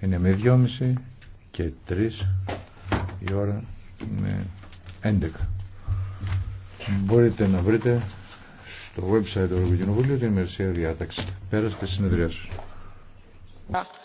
είναι με δυόμιση και τρεις, η ώρα με έντεκα. Μπορείτε να βρείτε στο website του Κοινοβουλίου την ημερησία διάταξη. Πέρα στη συνεδρία σας.